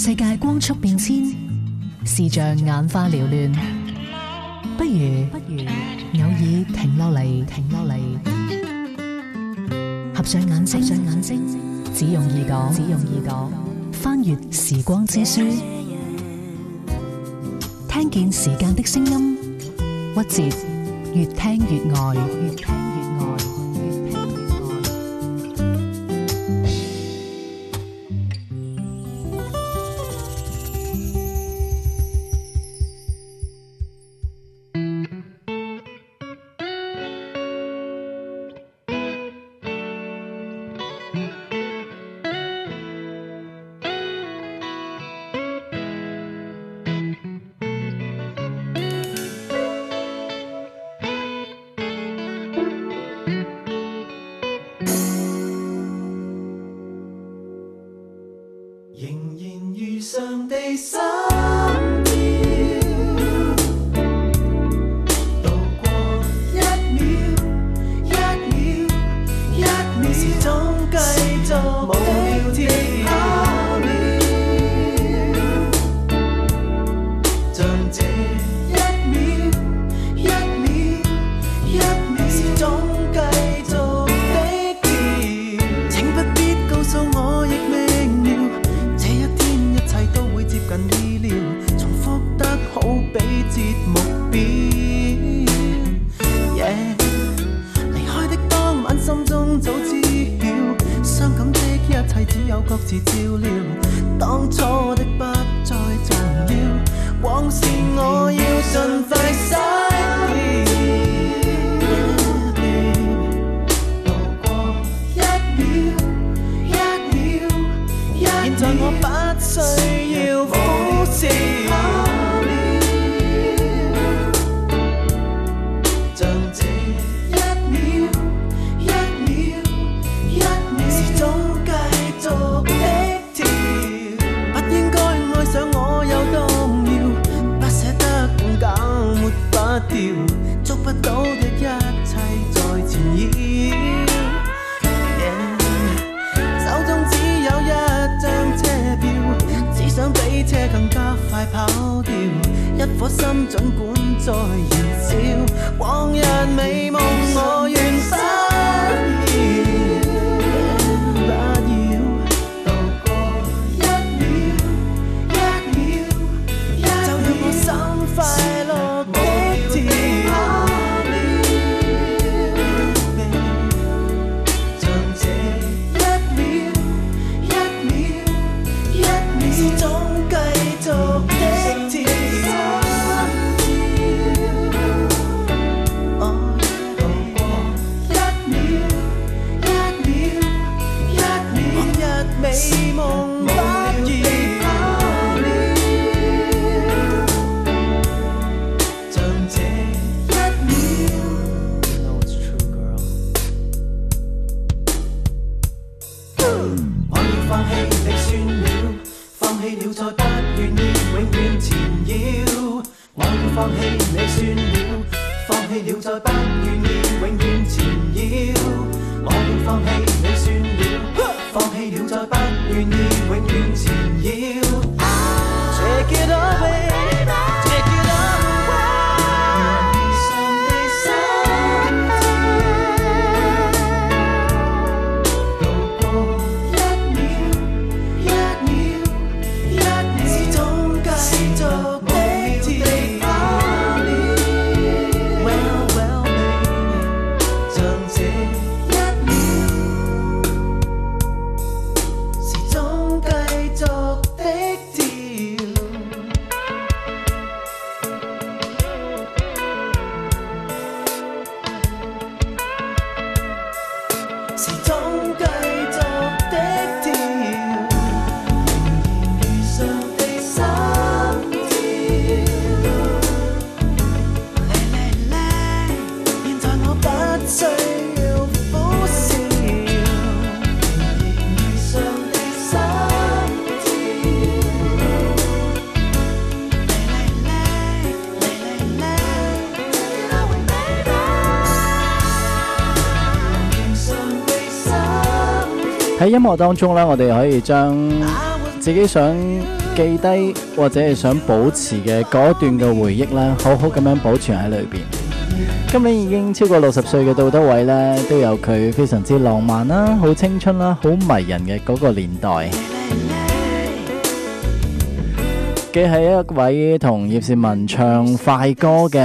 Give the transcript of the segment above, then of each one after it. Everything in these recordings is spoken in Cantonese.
世界光速變遷，視像眼花撩亂，不如,不如偶爾停落嚟，合上眼睛，只用耳朵翻閱時光,時光之書，聽見時間的聲音，鬱折，越聽越愛。音樂當中咧，我哋可以將自己想記低或者係想保持嘅嗰一段嘅回憶咧，好好咁樣保存喺裏邊。今年已經超過六十歲嘅杜德偉咧，都有佢非常之浪漫啦、啊、好青春啦、啊、好迷人嘅嗰個年代。佢係一位同葉倩文唱快歌嘅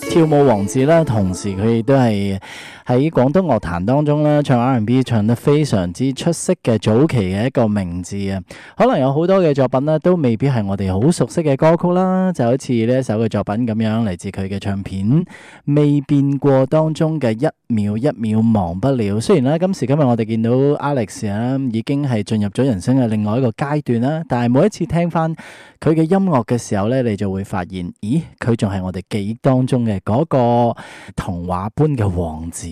跳舞王子啦，同時佢亦都係。喺廣東樂壇當中咧，唱 R&B 唱得非常之出色嘅早期嘅一個名字啊，可能有好多嘅作品呢，都未必係我哋好熟悉嘅歌曲啦。就好似呢一首嘅作品咁樣，嚟自佢嘅唱片《未變過》當中嘅一秒一秒忘不了。雖然呢，今時今日我哋見到 Alex 啊，已經係進入咗人生嘅另外一個階段啦，但係每一次聽翻佢嘅音樂嘅時候呢，你就會發現，咦，佢仲係我哋記憶當中嘅嗰個童話般嘅王子。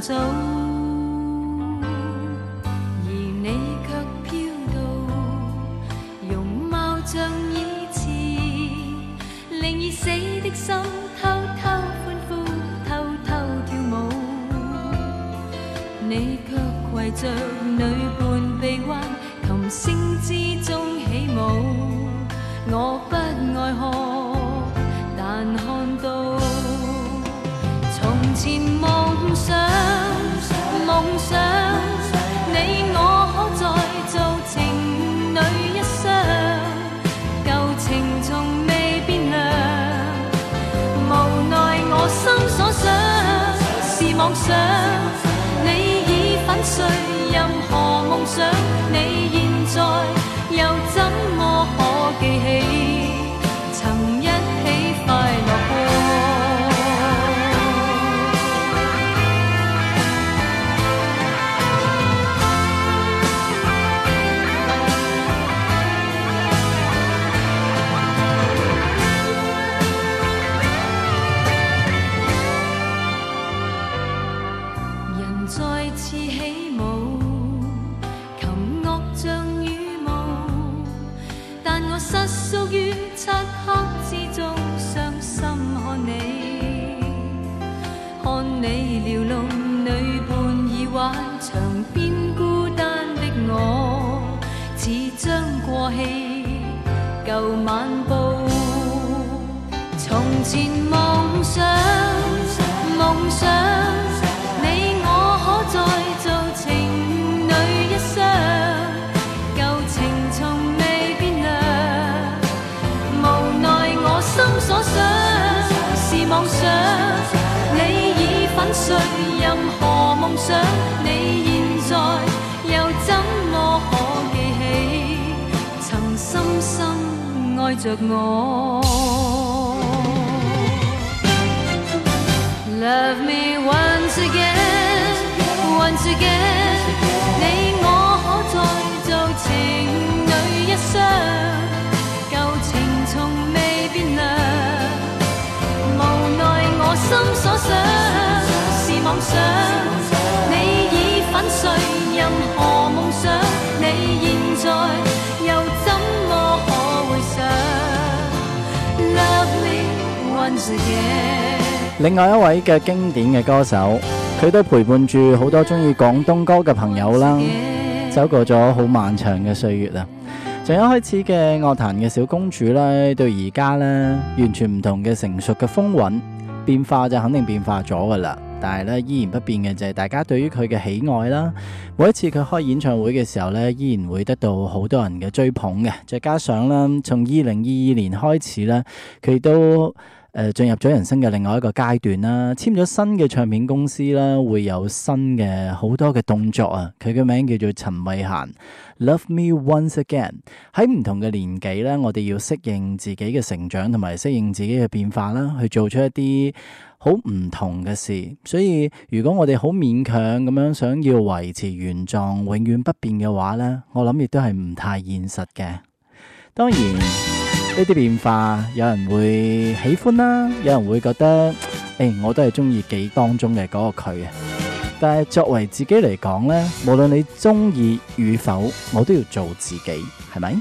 走。另外一位嘅經典嘅歌手，佢都陪伴住好多中意廣東歌嘅朋友啦，走過咗好漫長嘅歲月啦。從一開始嘅樂壇嘅小公主咧，到而家呢，完全唔同嘅成熟嘅風韻變化就肯定變化咗噶啦。但係呢，依然不變嘅就係大家對於佢嘅喜愛啦。每一次佢開演唱會嘅時候呢，依然會得到好多人嘅追捧嘅。再加上啦，從二零二二年開始呢，佢都誒，進入咗人生嘅另外一個階段啦，簽咗新嘅唱片公司啦，會有新嘅好多嘅動作啊。佢嘅名叫做陳慧嫻，Love Me Once Again。喺唔同嘅年紀咧，我哋要適應自己嘅成長同埋適應自己嘅變化啦，去做出一啲好唔同嘅事。所以如果我哋好勉強咁樣想要維持原狀永遠不變嘅話咧，我諗亦都係唔太現實嘅。當然。呢啲變化，有人會喜歡啦，有人會覺得，誒，我都係鍾意幾當中嘅嗰個佢嘅。但係作為自己嚟講咧，無論你鍾意與否，我都要做自己，係咪？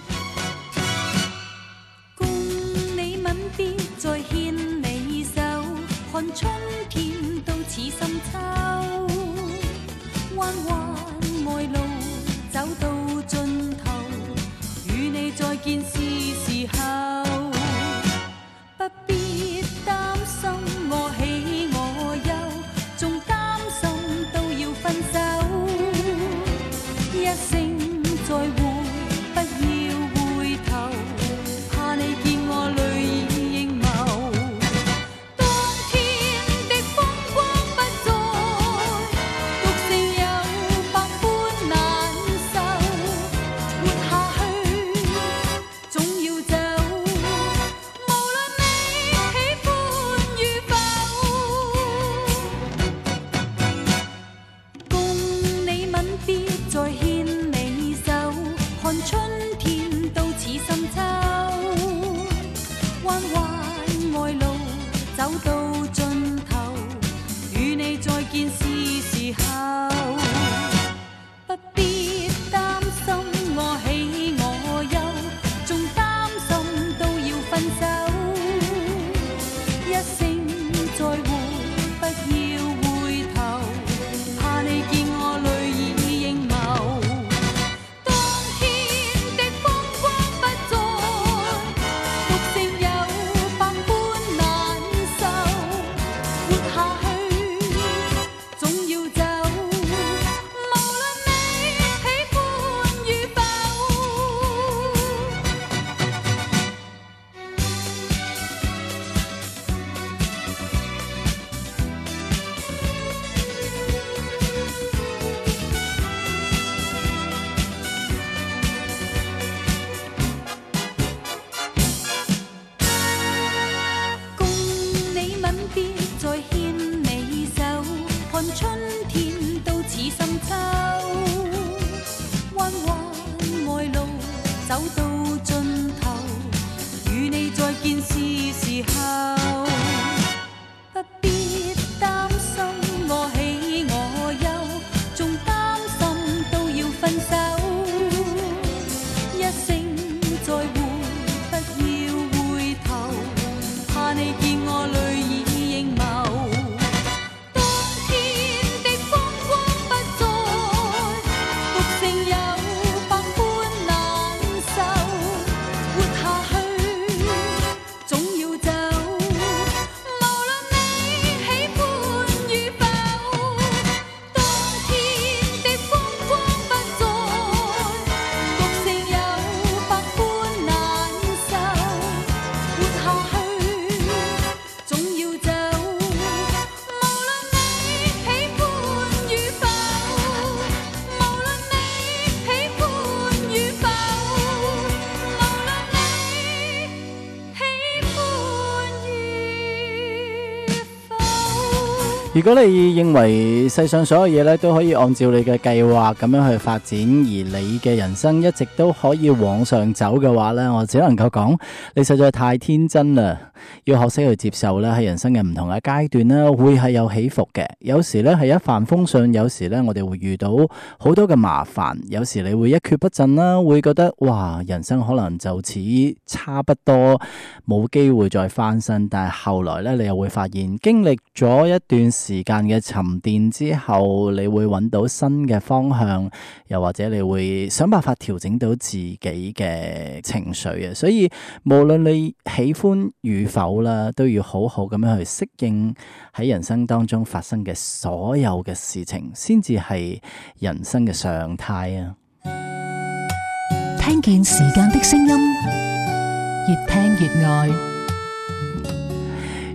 如果你認為世上所有嘢咧，都可以按照你嘅計劃咁樣去發展，而你嘅人生一直都可以往上走嘅話咧，我只能夠講你實在太天真啦，要學識去接受咧，喺人生嘅唔同嘅階段啦，會係有起伏嘅，有時咧係一帆風順，有時咧我哋會遇到好多嘅麻煩，有時你會一蹶不振啦，會覺得哇，人生可能就此差不多冇機會再翻身，但係後來咧你又會發現經歷咗一段時間嘅沉澱之後，你會揾到新嘅方向，又或者你會想辦法調整到自己嘅情緒啊。所以，無論你喜歡與否啦，都要好好咁樣去適應喺人生當中發生嘅所有嘅事情，先至係人生嘅常態啊。聽見時間的聲音，越聽越愛。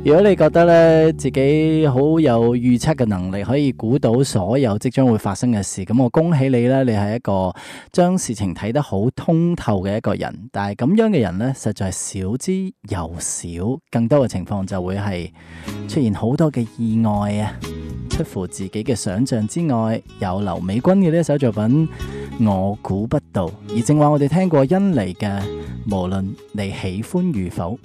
如果你覺得咧自己好有預測嘅能力，可以估到所有即將會發生嘅事，咁我恭喜你啦！你係一個將事情睇得好通透嘅一個人，但係咁樣嘅人呢，實在少之又少。更多嘅情況就會係出現好多嘅意外啊，出乎自己嘅想象之外。有劉美君嘅呢一首作品，我估不到。而正話我哋聽過恩妮嘅，無論你喜歡與否。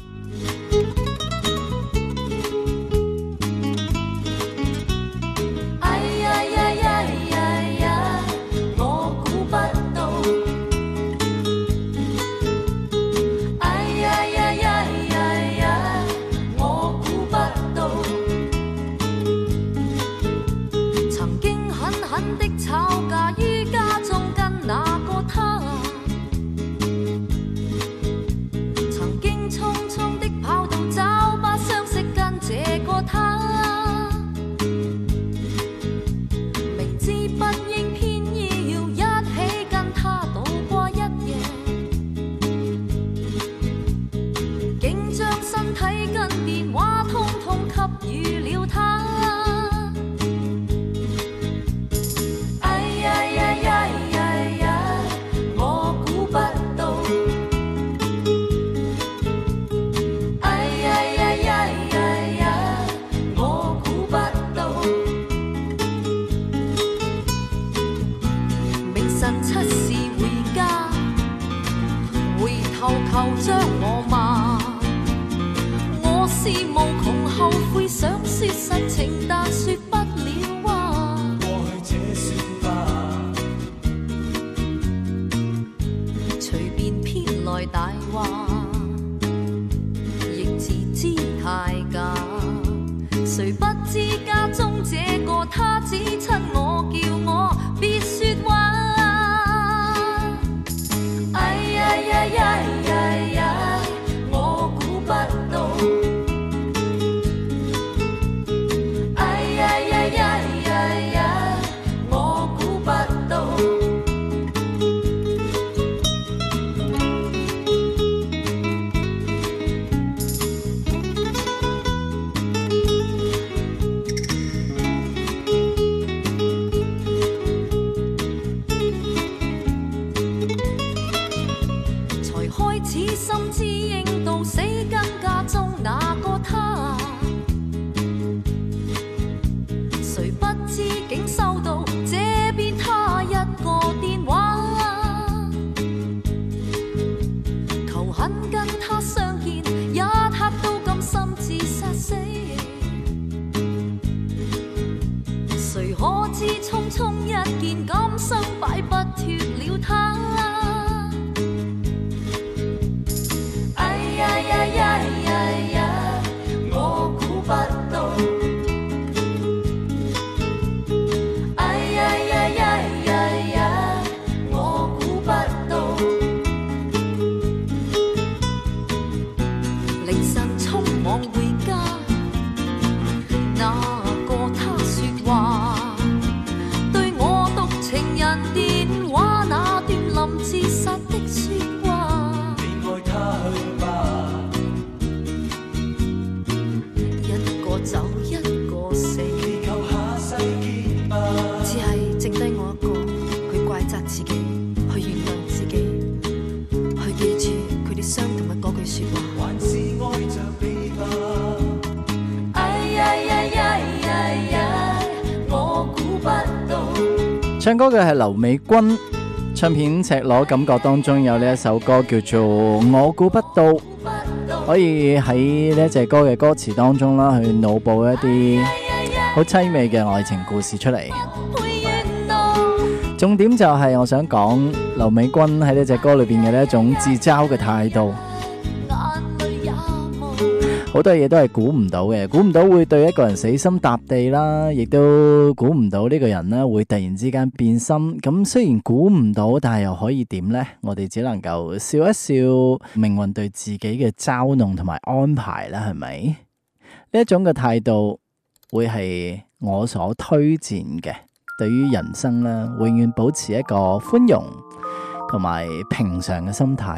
自知太假，誰不知？歌嘅係劉美君唱片《赤裸》，感覺當中有呢一首歌叫做《我估不到》，可以喺呢隻歌嘅歌詞當中啦，去腦補一啲好淒美嘅愛情故事出嚟。重點就係我想講劉美君喺呢隻歌裏邊嘅呢一種自嘲嘅態度。好多嘢都係估唔到嘅，估唔到會對一個人死心塌地啦，亦都估唔到呢個人咧會突然之間變心。咁雖然估唔到，但係又可以點呢？我哋只能夠笑一笑命運對自己嘅嘲弄同埋安排啦，係咪？呢一種嘅態度會係我所推薦嘅，對於人生啦，永遠保持一個寬容同埋平常嘅心態。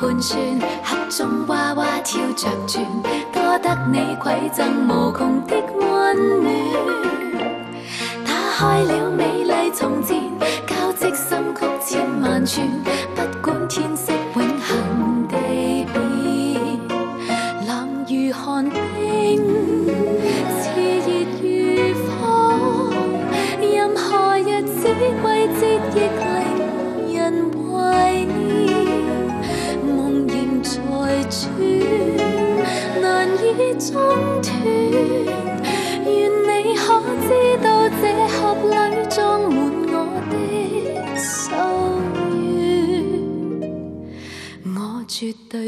盤旋，盒中娃娃跳着轉，多得你饋贈無窮的溫暖。打開了美麗從前，交織心曲千萬串，不管天色。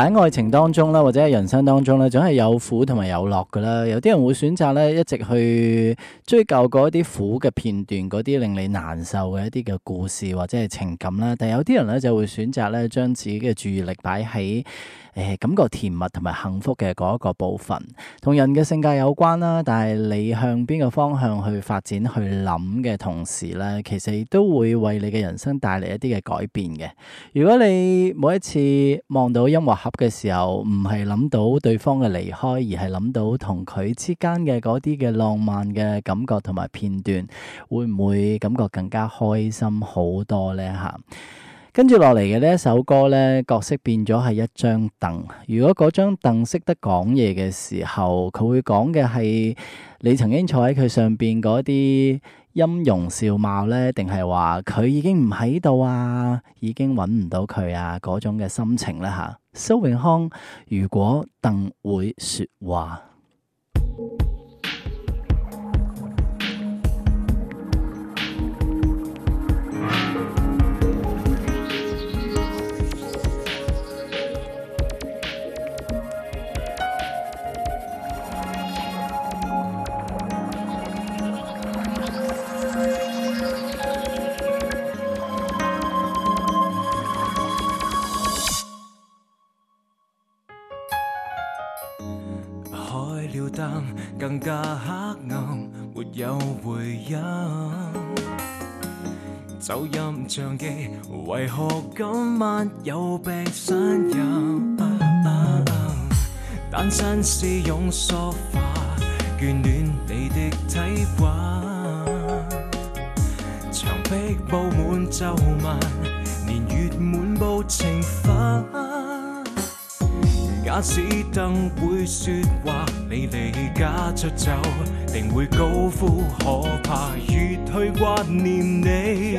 喺愛情當中啦，或者喺人生當中咧，總係有苦同埋有樂噶啦。有啲人會選擇咧，一直去追究嗰一啲苦嘅片段，嗰啲令你難受嘅一啲嘅故事或者係情感啦。但有啲人咧就會選擇咧，將自己嘅注意力擺喺誒、哎，感覺甜蜜同埋幸福嘅嗰一個部分，同人嘅性格有關啦。但係你向邊個方向去發展去諗嘅同時咧，其實亦都會為你嘅人生帶嚟一啲嘅改變嘅。如果你每一次望到音樂盒嘅時候，唔係諗到對方嘅離開，而係諗到同佢之間嘅嗰啲嘅浪漫嘅感覺同埋片段，會唔會感覺更加開心好多呢？吓？跟住落嚟嘅呢一首歌咧，角色變咗係一張凳。如果嗰張凳識得講嘢嘅時候，佢會講嘅係你曾經坐喺佢上邊嗰啲音容笑貌咧，定係話佢已經唔喺度啊，已經揾唔到佢啊嗰種嘅心情呢？吓。蘇永康，如果凳會說話。相機為何今晚有病呻吟？但真是用梳化眷戀你的體溫，牆壁布滿皺紋，年月滿布情分。假使燈會說話，你離家出走，定會高呼可怕，越去掛念你。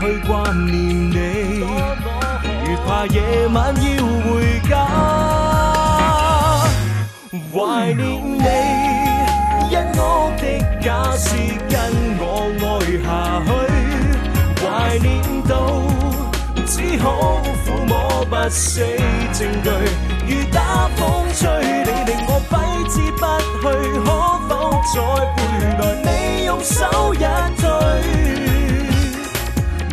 去掛念你，越怕夜晚要回家。懷念你，因我的假設跟我愛下去，懷念到只好撫摸不死證據。如打風吹你，你令我揮之不去，可否再回來？你用手一推。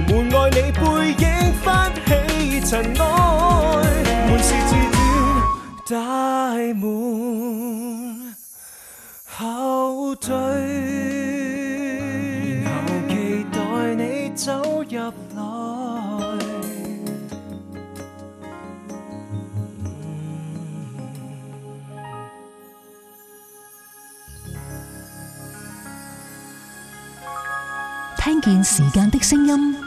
門外你背影泛起塵埃，門是自斷，大門後退，然後期待你走入來。聽見時間的聲音。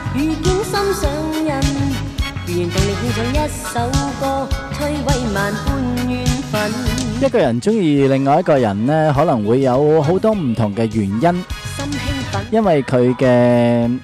遇見心上人，原動力獻上一首歌，摧毀萬般怨憤。一個人中意另外一個人呢，可能會有好多唔同嘅原因。心興奮，因為佢嘅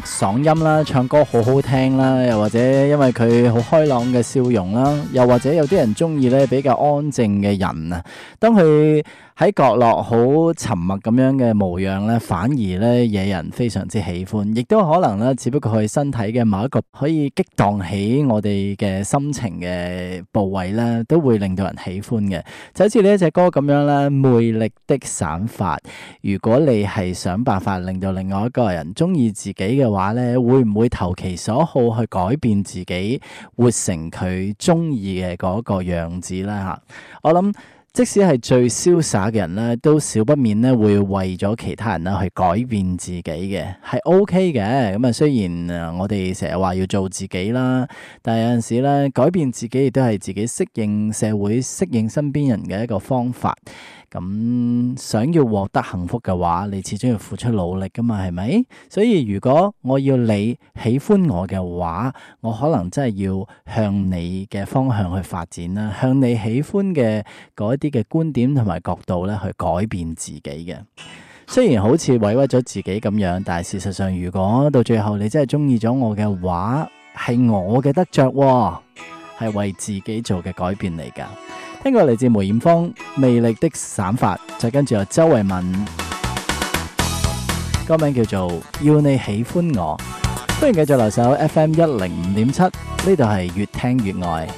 誒嗓音啦，唱歌好好聽啦，又或者因為佢好開朗嘅笑容啦，又或者有啲人中意呢比較安靜嘅人啊。當佢喺角落好沉默咁樣嘅模樣咧，反而咧惹人非常之喜歡，亦都可能咧，只不過佢身體嘅某一個可以激蕩起我哋嘅心情嘅部位咧，都會令到人喜歡嘅。就好似呢一隻歌咁樣咧，魅力的散發。如果你係想辦法令到另外一個人中意自己嘅話咧，會唔會投其所好去改變自己，活成佢中意嘅嗰個樣子咧？吓，我諗。即使係最瀟灑嘅人咧，都少不免咧會為咗其他人咧去改變自己嘅，係 OK 嘅。咁啊，雖然我哋成日話要做自己啦，但係有陣時咧改變自己亦都係自己適應社會、適應身邊人嘅一個方法。咁想要獲得幸福嘅話，你始終要付出努力噶嘛，係咪？所以如果我要你喜歡我嘅話，我可能真係要向你嘅方向去發展啦，向你喜歡嘅嗰一啲嘅觀點同埋角度咧，去改變自己嘅。雖然好似委屈咗自己咁樣，但係事實上，如果到最後你真係中意咗我嘅話，係我嘅得着喎，係為自己做嘅改變嚟噶。聽過嚟自梅艷芳魅力的散發，就跟住有周慧敏，歌、那個、名叫做要你喜歡我。歡迎繼續留守 F M 一零五點七，呢度係越聽越愛。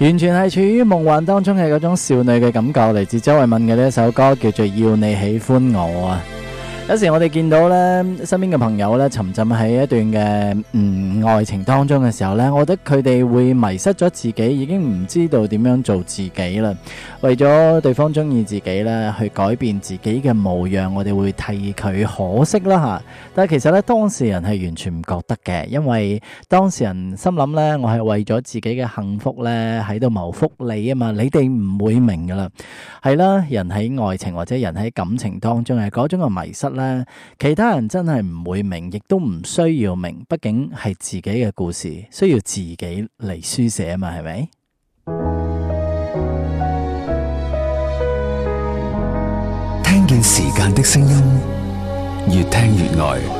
完全係處於夢幻當中嘅嗰種少女嘅感覺，嚟自周慧敏嘅呢一首歌，叫做《要你喜歡我》啊。有時我哋見到咧，身邊嘅朋友咧，沉浸喺一段嘅嗯愛情當中嘅時候咧，我覺得佢哋會迷失咗自己，已經唔知道點樣做自己啦。為咗對方中意自己咧，去改變自己嘅模樣，我哋會替佢可惜啦吓。但係其實咧，當事人係完全唔覺得嘅，因為當事人心諗咧，我係為咗自己嘅幸福咧，喺度謀福利啊嘛。你哋唔會明噶啦，係啦，人喺愛情或者人喺感情當中係嗰種嘅迷失啦。其他人真係唔會明，亦都唔需要明，畢竟係自己嘅故事，需要自己嚟書寫嘛，係咪？聽見時間的聲音，越聽越耐。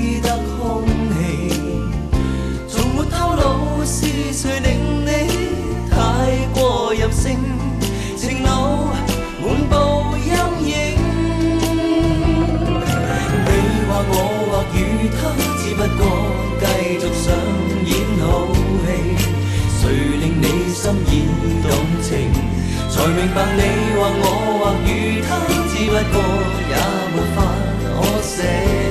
誰令你太過任性？情路滿布陰影。你話我或與他，只不過繼續上演好戲。誰令你心已動情？才明白你話我或與他，只不過也沒法可捨。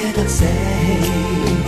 捨得捨棄。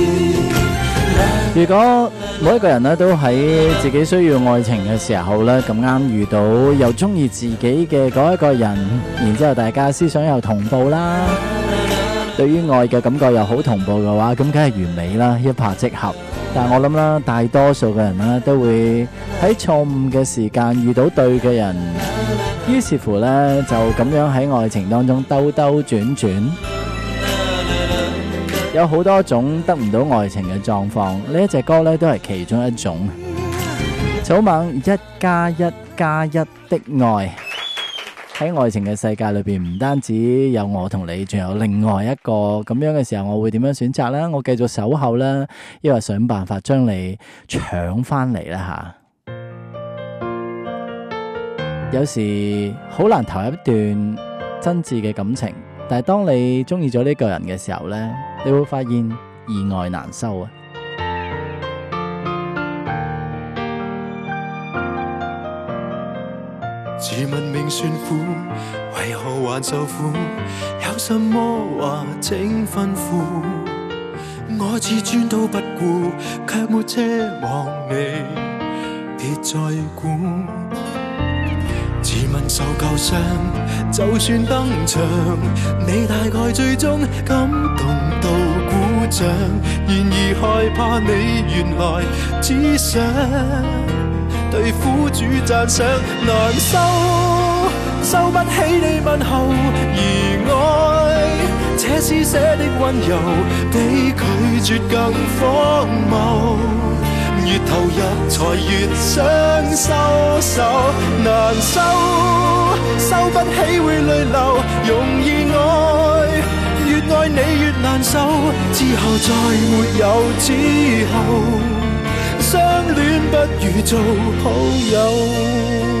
如果每一個人咧都喺自己需要愛情嘅時候咧，咁啱遇到又中意自己嘅嗰一個人，然之後大家思想又同步啦，對於愛嘅感覺又好同步嘅話，咁梗係完美啦，一拍即合。但係我諗啦，大多數嘅人呢都會喺錯誤嘅時間遇到對嘅人，於是乎呢，就咁樣喺愛情當中兜兜轉轉。有好多種得唔到愛情嘅狀況，這一呢一隻歌咧都係其中一種。草蜢一加一加一的愛，喺愛情嘅世界裏邊，唔單止有我同你，仲有另外一個咁樣嘅時候，我會點樣選擇呢？我繼續守候啦，因為想辦法將你搶翻嚟啦？吓，有時好難投入一段真摯嘅感情，但係當你中意咗呢個人嘅時候咧。你會發現意外難受啊！自問命算苦，為何還受苦？有什麼話請吩咐，我自尊都不顧，却沒奢望你別再管。受夠傷，就算登場，你大概最終感動到鼓掌。然而害怕你原來只想對苦主讚賞，難收，收不起你問候，而愛這施捨的溫柔，比拒絕更荒謬。越投入，才越想收手，難收，收不起會淚流。容易愛，越愛你越難受，之後再沒有之後，相戀不如做好友。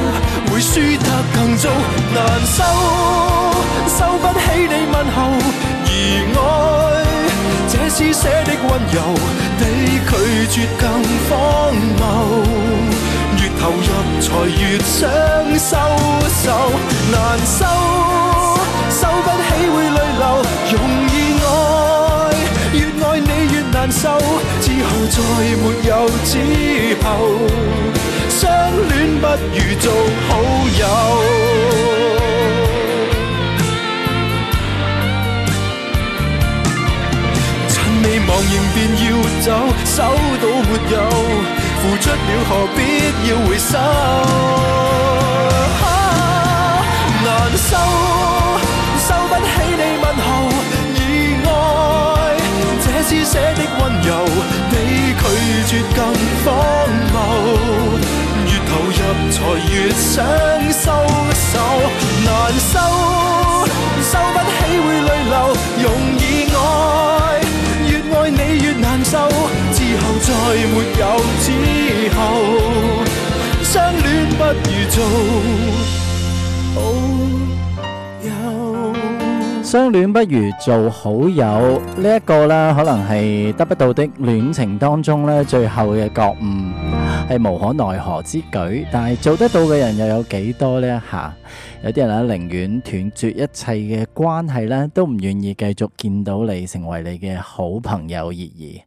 會輸得更糟，難受，難受，受不起你問候。而愛，這施捨的溫柔，比拒絕更荒謬。越投入才越想收手，難受，受不起會淚流。容易愛，越愛你越難受，之後再沒有之後。相戀不如做好友。趁你忘形便要走，收到沒有，付出了何必要回收？啊、難收，收不起你問候，意外，這施捨的溫柔，比拒絕更荒謬。才越想收手難收，收不起會淚流。容易愛越愛你越難受，之後再沒有之後，相戀不如做。相戀不如做好友呢一個咧，可能係得不到的戀情當中咧，最後嘅覺悟係無可奈何之舉，但係做得到嘅人又有幾多呢？吓、啊，有啲人咧寧願斷絕一切嘅關係咧，都唔願意繼續見到你成為你嘅好朋友而已。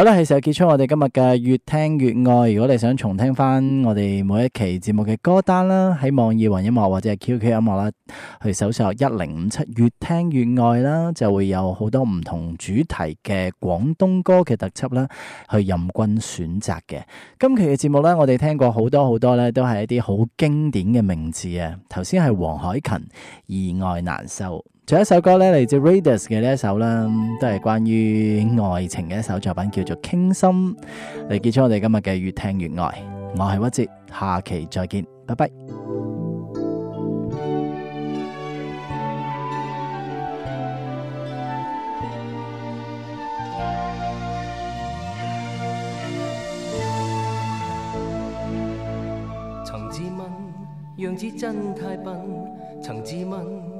好啦，係時候結束我哋今日嘅越聽越愛。如果你想重聽翻我哋每一期節目嘅歌單啦，喺網易雲音樂或者係 QQ 音樂啦，去搜索一零五七越聽越愛啦，就會有好多唔同主題嘅廣東歌嘅特輯啦，去任君選擇嘅。今期嘅節目咧，我哋聽過好多好多咧，都係一啲好經典嘅名字啊。頭先係黃海芹，意外難受」。上一首歌咧嚟自 Radius 嘅呢一首啦，都係關於愛情嘅一首作品，叫做《傾心》嚟結束我哋今日嘅越聽越愛。我係屈哲，下期再見，拜拜。曾自問，樣子真太笨，曾自問。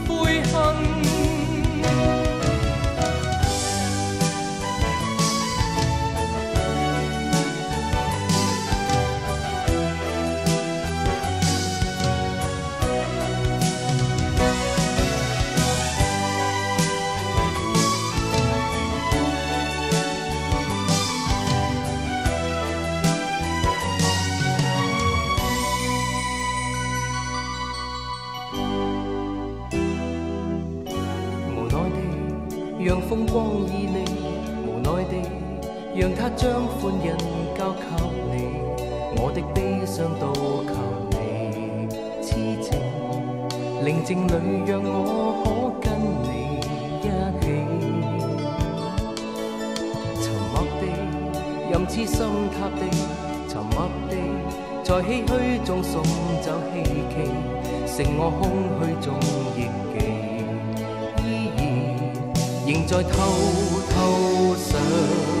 讓他將歡欣交給你，我的悲傷都求你。痴情寧靜裏，讓我可跟你一起。沉默地，任痴心塌地，沉默地，在唏嘘中送走希冀，剩我空虛中憶記，依然仍在偷偷想。